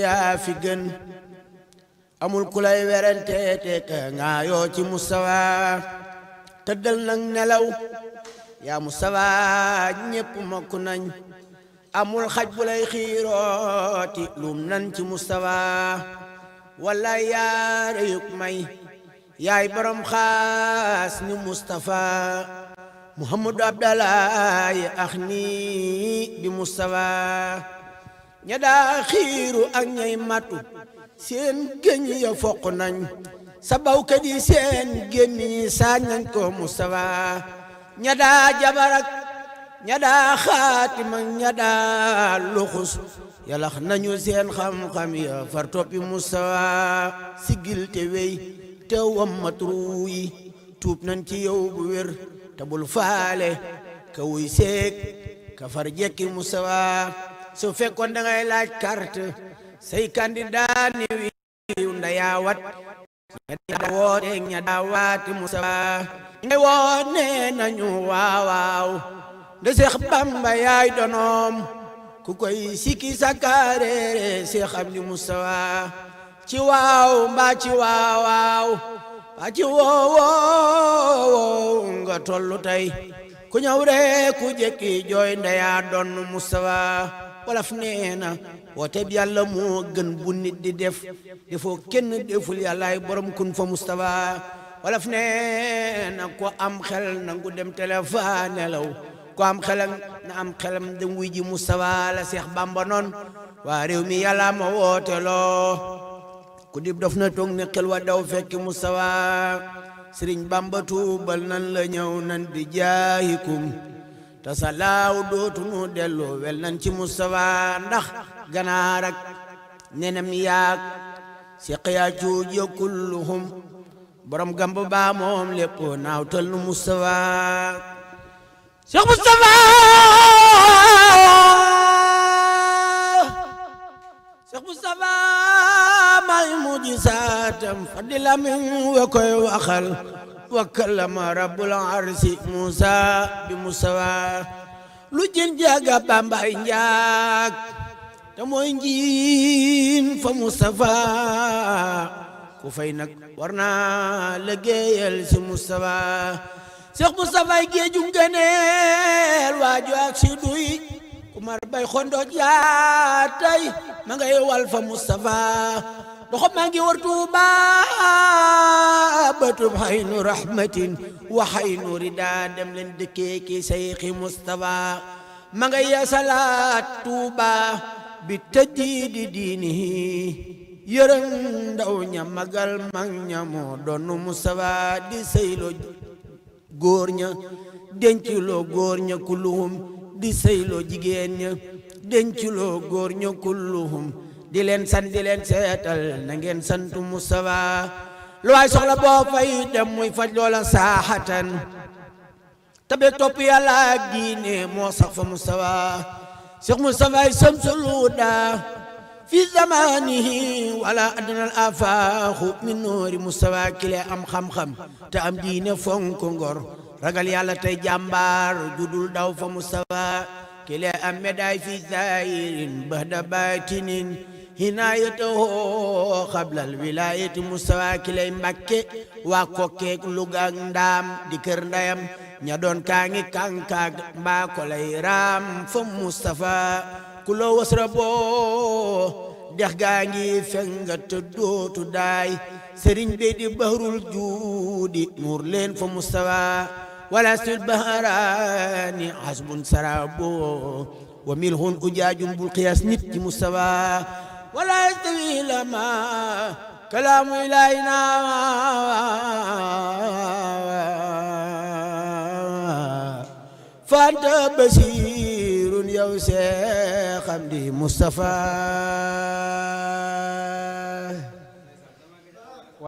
yaa fi gën amul ku lay werante te ka ci mustawa tëddal nag nelaw yaa mustawa ñépp mokk nañ amul xaj bu lay xiirooti lum nan ci mustawa walla yaa reyuk may yaay borom xaas ni mustafa muhammadu abdalaayi ax ni bi mustawa ña daa xiiru ak ñay matu seen géñ ya foq nañ sabawkat yi seen gémmiñ saañ nañ ko Mustafa ña daa jabarak ña daa xaatima ña daa luxus yalax nañu seen xam-xam ya far toppi Mustafa sigil te wey te wammatru yi tuub nañ ci yow bu wér te bul faale ka wuy seeg ka far jekki Mustafa su fekkoon dangay laaj carte say candidat ni wiiw ndayaawat ña daa woote ña daa waati musa ñay woot nee nañu waawaaw nda Seex Bamba yaay donoom ku koy ci waaw mbaa ci waawaaw mbaa ci woowoow nga tollu tey ku ñëw rek jekki jooy ndeyaa doon Musa wolof nee na woote bi yàlla moo gën bu nit di def defoo kenn deful yàllaay borom kun fa Moustapha wolof nee na ko am xel nangu dem téléphone ko am xelam na am xelam dem wuy ji la Seex Bamba noon waa réew mi yàlla ma woote ku dib dof na toog ne xel wa daw fekki Moustapha Sëriñ Bamba tuubal nan la ñëw nan di jaayikum te salaaw dootunu delloo wel nan ci Mustafa ndax ganaar ak nenam si qiya cuuj kulluhum borom gamba baa moom lépp naaw tal nu Mustafa Cheikh Mustafa Cheikh Mustafa may min we waxal wa kallama rabbul arsi Musa bi musawa lu jën jaaga bambaay njaag te mooy njiin fa Mustafa ku fay nag war naa liggéeyal si Mustafa Seex Mustafa ay géeju ngëneel waaju ak si duy ku mar bay xondooj yaa ma ngay wal fa Mustafa doxom maa ngi war Tuuba batub xaynu rahmatin wa xaynu rida dem leen dëkkee ki Seyxi Mustafa ma nga salaat Tuuba bi tëddiidi diinihi yërëm ndaw ña magal mag ña moo doon Mustafa di sëylo góor ña denculoo góor ña kulluhum di sëylo jigéen ña denculoo góor ña kulluhum di leen sant di seetal na ngeen sant Moustapha lu waay soxla boo fay dem muy faj loola saaxatan tabe topp yàlla ak moo sax fa Moustapha Cheikh Moustapha yi samsuluda fi zamanihi wala adnal afaaxu min nuuri Moustapha kile am xam-xam te am diine fonk ragal yàlla tey jàmbaar judul daw fa Moustapha kile am médaille fi zahirin bahda batinin hinaayatahoo xablal wilaayati mustawa ki lay waa kokkeek lugaak ndaam di kër ndayam ña doon kaa ngi kànkaak mbaa ko lay raam wasra boo dex gaa ngi fenga te dootu daay sëriñ bey di bahrul juudi nuur leen fa mustawa wala sul baharaani hasbun sarabo wa milhun ujaajum bul qiyaas nit ci ولا يستوي لما كلام إلهنا فأنت بشير يا شيخ حمدي مصطفى